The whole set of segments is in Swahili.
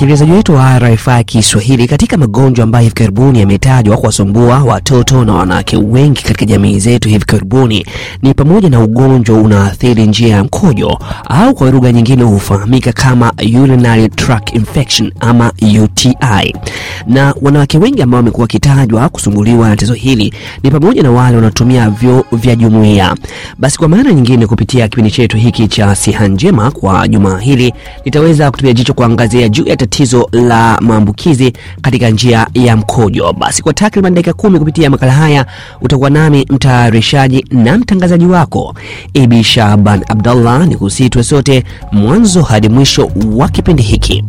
msikilizaji wetu wa RFI Kiswahili, katika magonjwa ambayo hivi karibuni yametajwa kuwasumbua watoto na wanawake wengi katika jamii zetu hivi karibuni ni pamoja na ugonjwa unaathiri njia ya mkojo au kwa lugha nyingine hufahamika kama urinary tract infection ama UTI, na wanawake wengi ambao wamekuwa wakitajwa kusumbuliwa na tatizo hili ni pamoja na wale wanaotumia vyoo vya jumuiya. Basi kwa maana nyingine, kupitia kipindi chetu hiki cha Siha Njema kwa jumaa hili, nitaweza kutupia jicho kuangazia juu ya tatizo la maambukizi katika njia ya mkojo. Basi kwa takriban dakika kumi kupitia makala haya utakuwa nami mtayarishaji na mtangazaji wako Ibi Shaban Abdallah, ni kusitwe sote mwanzo hadi mwisho wa kipindi hiki.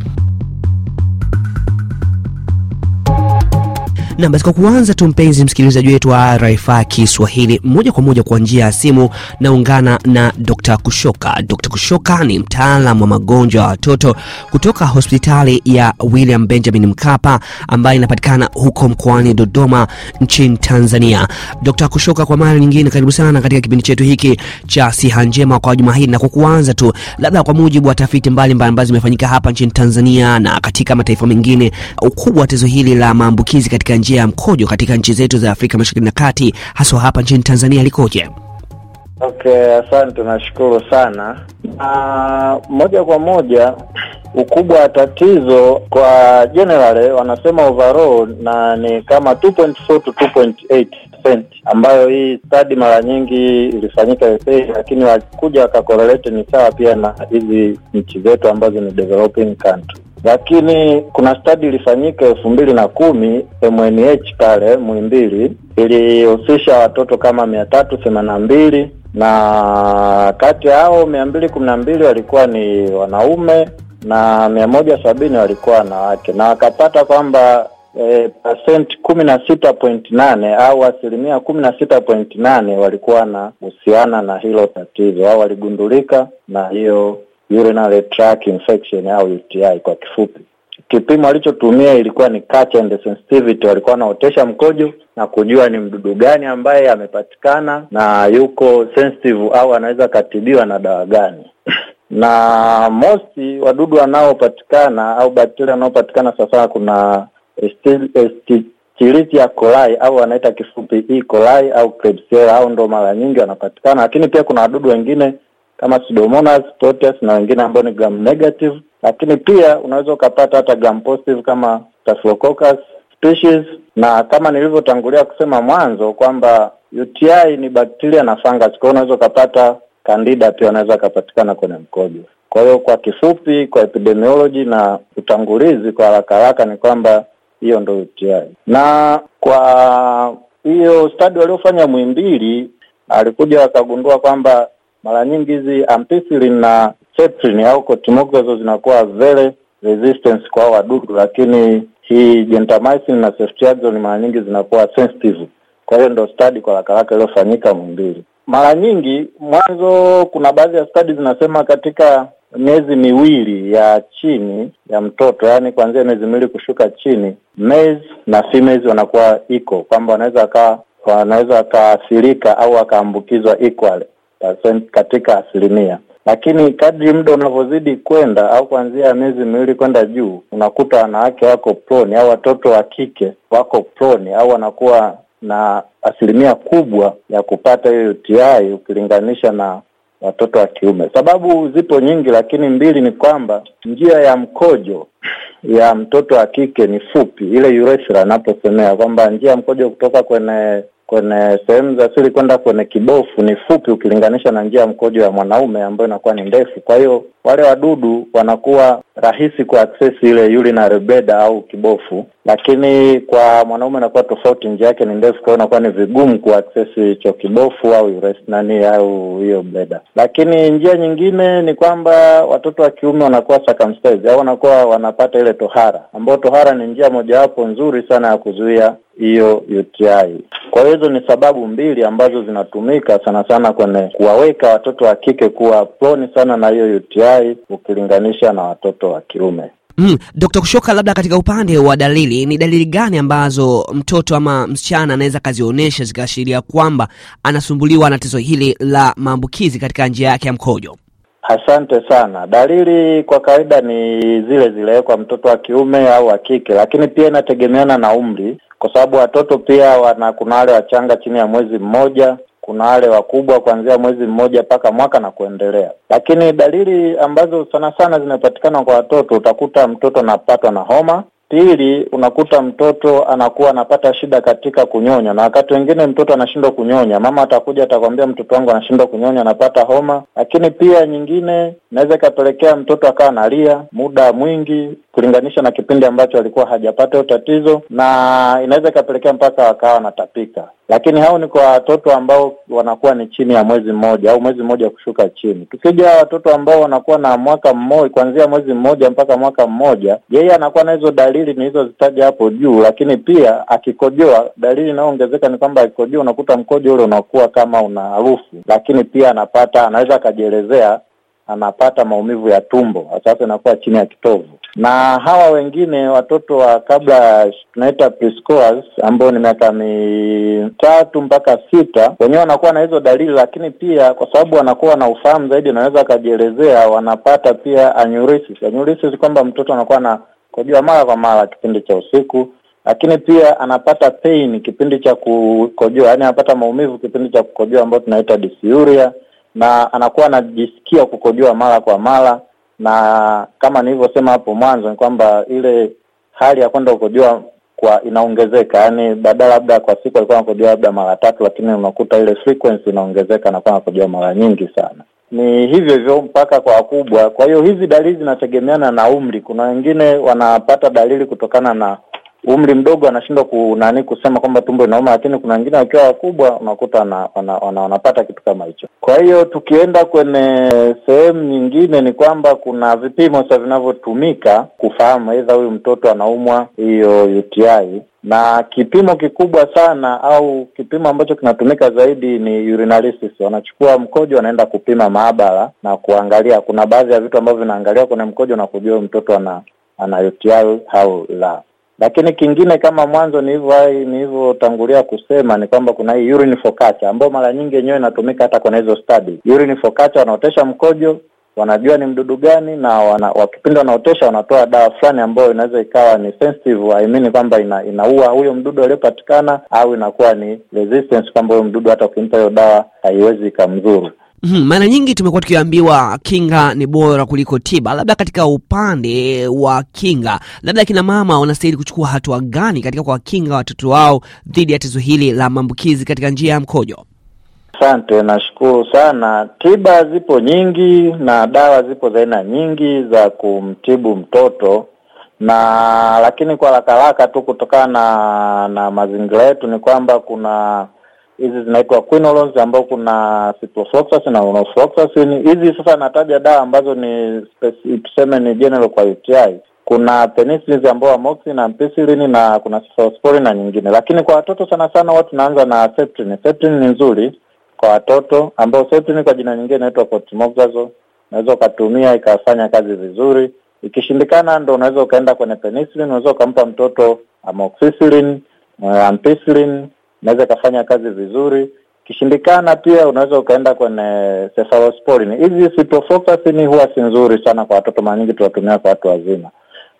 Na basi kwa kuanza tu, mpenzi msikilizaji wetu wa RFA Kiswahili, moja kwa moja kwa njia ya simu naungana na Dr. Kushoka. Dr. Kushoka ni mtaalamu wa magonjwa ya watoto kutoka hospitali ya William Benjamin Mkapa ambayo inapatikana huko mkoani Dodoma nchini Tanzania. Dr. Kushoka, kwa mara nyingine karibu sana katika kipindi chetu hiki cha Siha Njema kwa juma hili, na kwa kuanza tu, labda kwa mujibu wa tafiti mbalimbali ambazo zimefanyika hapa nchini Tanzania na katika mataifa mengine, ukubwa wa tatizo hili la maambukizi katika njia njia ya mkojo katika nchi zetu za Afrika Mashariki na Kati, haswa hapa nchini Tanzania likoje? Okay, asante, nashukuru sana. Uh, moja kwa moja ukubwa wa tatizo kwa general eh, wanasema overall, na ni kama 2.4 to 2.8%, ambayo hii study mara nyingi ilifanyika USA, lakini wakuja wakakorelate ni sawa pia na hizi nchi zetu ambazo ni developing country lakini kuna stadi ilifanyika elfu mbili na kumi MNH pale mwimbili ilihusisha watoto kama mia tatu themani na mbili na kati ya hao mia mbili kumi na mbili walikuwa ni wanaume na mia moja sabini walikuwa wanawake na wakapata kwamba E, pasenti kumi na sita point nane au asilimia kumi na sita point nane walikuwa wanahusiana na hilo tatizo au waligundulika na hiyo urinary tract infection au UTI kwa kifupi. Kipimo alichotumia ilikuwa ni catch and sensitivity. Walikuwa wanaotesha mkojo na kujua ni mdudu gani ambaye amepatikana na yuko sensitive au anaweza akatibiwa na dawa gani. na mosi wadudu wanaopatikana au bakteria wanaopatikana sasa, kuna ya kolai au wanaita kifupi E kolai au Klebsiella, au ndo mara nyingi wanapatikana, lakini pia kuna wadudu wengine kama Pseudomonas, proteus na wengine ambao ni gram negative, lakini pia unaweza ukapata hata gram positive kama Staphylococcus species, na kama nilivyotangulia kusema mwanzo kwamba UTI ni bakteria na fungus, kwa hiyo unaweza ukapata Candida pia unaweza akapatikana kwenye mkojo. Kwa hiyo kwa kifupi, kwa epidemiology na utangulizi kwa haraka haraka ni kwamba hiyo ndo UTI. Na kwa hiyo stadi waliofanya Muhimbili, alikuja wakagundua kwamba mara nyingi hizi ampicillin na cetrin au cotrimoxazole zinakuwa zele resistance kwa wadudu, lakini hii gentamicin na ceftriaxone mara nyingi zinakuwa sensitive. Kwa hiyo ndo study kwa haraka haraka iliyofanyika Muhimbili. Mara nyingi mwanzo, kuna baadhi ya study zinasema katika miezi miwili ya chini ya mtoto, yaani kuanzia miezi miwili kushuka chini, males na females wanakuwa iko kwamba wanaweza aka wanaweza akaathirika au akaambukizwa equally katika asilimia lakini kadri muda unavyozidi kwenda au kuanzia miezi miwili kwenda juu, unakuta wanawake wako prone au watoto wa kike wako prone au wanakuwa na asilimia kubwa ya kupata hiyo UTI ukilinganisha na watoto wa kiume. Sababu zipo nyingi, lakini mbili ni kwamba njia ya mkojo ya mtoto wa kike ni fupi, ile urethra anaposemea kwamba njia ya mkojo kutoka kwenye kwenye sehemu za siri kwenda kwenye kibofu ni fupi ukilinganisha na njia ya mkojo ya mwanaume ambayo inakuwa ni ndefu. Kwa hiyo wale wadudu wanakuwa rahisi aksesi ile urinary bladder au kibofu, lakini kwa mwanaume inakuwa tofauti, njia yake ni ndefu, kwa hiyo inakuwa ni vigumu aksesi hicho kibofu au urethra nani au hiyo bladder. Lakini njia nyingine ni kwamba watoto wa kiume wanakuwa circumcised au wanakuwa wanapata ile tohara, ambayo tohara ni njia mojawapo nzuri sana ya kuzuia hiyo UTI. Kwa hiyo hizo ni sababu mbili ambazo zinatumika sana sana kwenye kuwaweka watoto wa kike kuwa prone sana na hiyo UTI ukilinganisha na watoto mtoto wa kiume. Mm, Dkt. Kushoka, labda katika upande wa dalili, ni dalili gani ambazo mtoto ama msichana anaweza akazionyesha zikaashiria kwamba anasumbuliwa na tatizo hili la maambukizi katika njia yake ya mkojo? Asante sana. Dalili kwa kawaida ni zile zile kwa mtoto wa kiume au wa kike, lakini pia inategemeana na umri, kwa sababu watoto pia wana kuna wale wachanga chini ya mwezi mmoja kuna wale wakubwa kuanzia mwezi mmoja mpaka mwaka na kuendelea. Lakini dalili ambazo sana sana zinapatikana kwa watoto, utakuta mtoto anapatwa na homa. Pili, unakuta mtoto anakuwa anapata shida katika kunyonya, na wakati wengine mtoto anashindwa kunyonya. Mama atakuja atakwambia, mtoto wangu anashindwa kunyonya, anapata homa. Lakini pia nyingine inaweza ikapelekea mtoto akawa analia muda mwingi, kulinganisha na kipindi ambacho alikuwa hajapata hiyo tatizo, na inaweza ikapelekea mpaka wakawa wanatapika. Lakini hao ni kwa watoto ambao wanakuwa ni chini ya mwezi mmoja au mwezi mmoja kushuka chini. Tukija watoto ambao wanakuwa na mwaka mmoja, kuanzia mwezi mmoja mpaka mwaka mmoja, yeye anakuwa na hizo dalili nilizozitaja hapo juu, lakini pia akikojoa, dalili inayoongezeka ni kwamba akikojoa, unakuta mkojo ule unakuwa kama una harufu, lakini pia anapata, anaweza akajielezea anapata maumivu ya tumbo, sasa inakuwa chini ya kitovu. Na hawa wengine watoto wa kabla tunaita preschoolers, ambao ni miaka mitatu mpaka sita, wenyewe wanakuwa na hizo dalili, lakini pia kwa sababu wanakuwa na ufahamu zaidi, anaweza akajielezea, wanapata pia enuresis. Enuresis kwamba mtoto anakuwa na kojoa mara kwa mara kipindi cha usiku, lakini pia anapata pain kipindi cha kukojoa, yaani anapata maumivu kipindi cha kukojoa ambao tunaita dysuria na anakuwa anajisikia kukojoa mara kwa mara, na kama nilivyosema hapo mwanzo ni kwamba ile hali ya kwenda kukojoa kwa inaongezeka, yaani badala labda kwa siku alikuwa anakojoa labda mara tatu, lakini unakuta ile frequency inaongezeka, anakuwa anakojoa mara nyingi sana. Ni hivyo hivyo mpaka kwa wakubwa. Kwa hiyo hizi dalili zinategemeana na umri. Kuna wengine wanapata dalili kutokana na umri mdogo anashindwa kunani kusema kwamba tumbo inauma, lakini kuna wengine wakiwa wakubwa unakuta wanapata kitu kama hicho. Kwa hiyo tukienda kwenye sehemu nyingine, ni kwamba kuna vipimo sasa vinavyotumika kufahamu aidha huyu mtoto anaumwa hiyo UTI na kipimo kikubwa sana au kipimo ambacho kinatumika zaidi ni urinalysis. Wanachukua mkojo, wanaenda kupima maabara na kuangalia, kuna baadhi ya vitu ambavyo vinaangalia kwenye mkojo na kujua mtoto ana ana UTI au la. Lakini kingine kama mwanzo nilivyotangulia kusema ni kwamba kuna hii urine focaccia ambayo mara nyingi yenyewe inatumika hata kwenye hizo study. Urine focaccia wanaotesha mkojo wanajua ni mdudu gani, na wana, wakipindi wanaotesha wanatoa dawa fulani ambayo inaweza ikawa ni sensitive, I mean kwamba ina, inaua huyo mdudu aliyopatikana, au inakuwa ni resistance kwamba huyo mdudu hata ukimpa hiyo dawa haiwezi ikamdhuru. Hmm, mara nyingi tumekuwa tukiambiwa kinga ni bora kuliko tiba. Labda katika upande wa kinga, labda kina mama wanastahili kuchukua hatua gani katika kuwakinga watoto wao dhidi ya tatizo hili la maambukizi katika njia ya mkojo? Asante, nashukuru sana. Tiba zipo nyingi na dawa zipo za aina nyingi za kumtibu mtoto na lakini kwa haraka haraka tu kutokana na, na mazingira yetu ni kwamba kuna hizi zinaitwa quinolones ambao kuna ciprofloxacin na lornofloxacin. Hizi sasa nataja dawa ambazo ni tuseme ni general kwa UTI. Kuna penicillin ambao amoxicillin na ampicillin na kuna cephalosporin na nyingine, lakini kwa watoto sana sana watu tunaanza na septrin. Septrin ni nzuri kwa watoto ambao septrin kwa jina nyingine inaitwa cotrimoxazole, unaweza ukatumia ikafanya kazi vizuri. Ikishindikana ndo unaweza ukaenda kwenye penicillin, unaweza ukampa mtoto amoxicillin, eh, ampicillin inaweza ikafanya kazi vizuri. Ikishindikana pia unaweza ukaenda kwenye cephalosporin. Hizi sipofokasini huwa si nzuri sana kwa watoto, mara nyingi tunatumia kwa watu wazima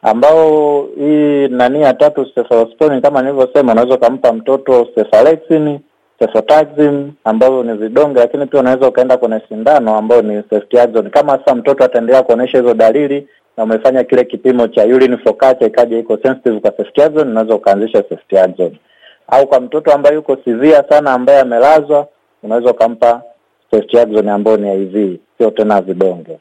ambao hii nani ya tatu cephalosporin, kama nilivyosema, unaweza ukampa mtoto cephalexin, cefotaxime ambazo ni vidonge, lakini pia unaweza ukaenda kwenye sindano ambayo ni ceftriaxone. Kama sasa mtoto ataendelea kuonyesha hizo dalili na umefanya kile kipimo cha urine for ikaja iko sensitive kwa ceftriaxone, unaweza ukaanzisha ceftriaxone au kwa mtoto ambaye yuko sivia sana ambaye amelazwa, unaweza ukampa ceftriaxone ambayo ni IV, sio tena vidonge.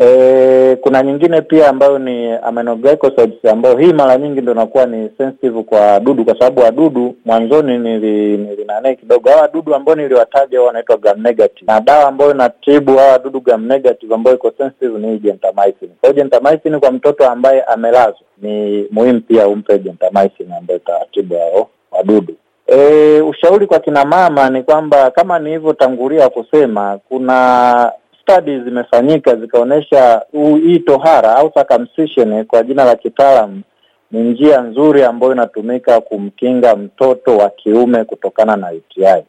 E, kuna nyingine pia ambayo ni aminoglycosides ambayo hii mara nyingi ndio inakuwa ni sensitive kwa dudu kwa sababu wadudu mwanzoni nilinane nili kidogo hawa wadudu ambao niliwataja wao wanaitwa gram negative, na dawa ambayo inatibu hawa wadudu gram negative ambayo iko sensitive ni gentamicin. Kwa hiyo gentamicin kwa mtoto ambaye amelazwa ni muhimu pia umpe gentamicin ambayo itatibu hao wadudu. E, ushauri kwa kina mama ni kwamba kama nilivyotangulia kusema, kuna studies zimefanyika zikaonyesha hii tohara au circumcision kwa jina la kitaalam ni njia nzuri ambayo inatumika kumkinga mtoto wa kiume kutokana na UTI.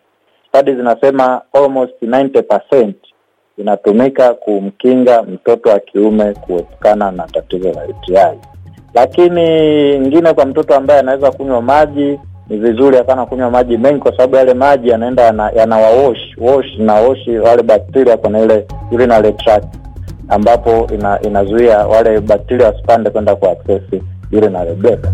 Studies zinasema almost 90% inatumika kumkinga mtoto wa kiume kuepukana na tatizo la UTI, lakini ingine kwa mtoto ambaye anaweza kunywa maji ni vizuri hapana kunywa maji mengi, kwa sababu yale maji yanaenda yanawaosh wash na wash wale bakteria kwenye ile urinary tract, ambapo ina, inazuia wale bakteria wasipande kwenda kwa access urinary bladder.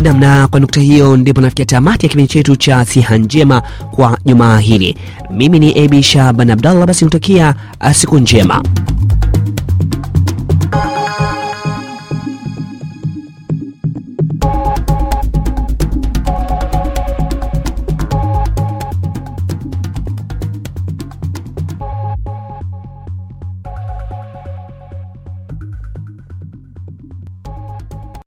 Namna kwa nukta hiyo ndipo nafikia tamati ya kipindi chetu cha siha njema kwa jumaa hili. Mimi ni Abi Shaban Abdallah, basi nikutakia uh, siku njema.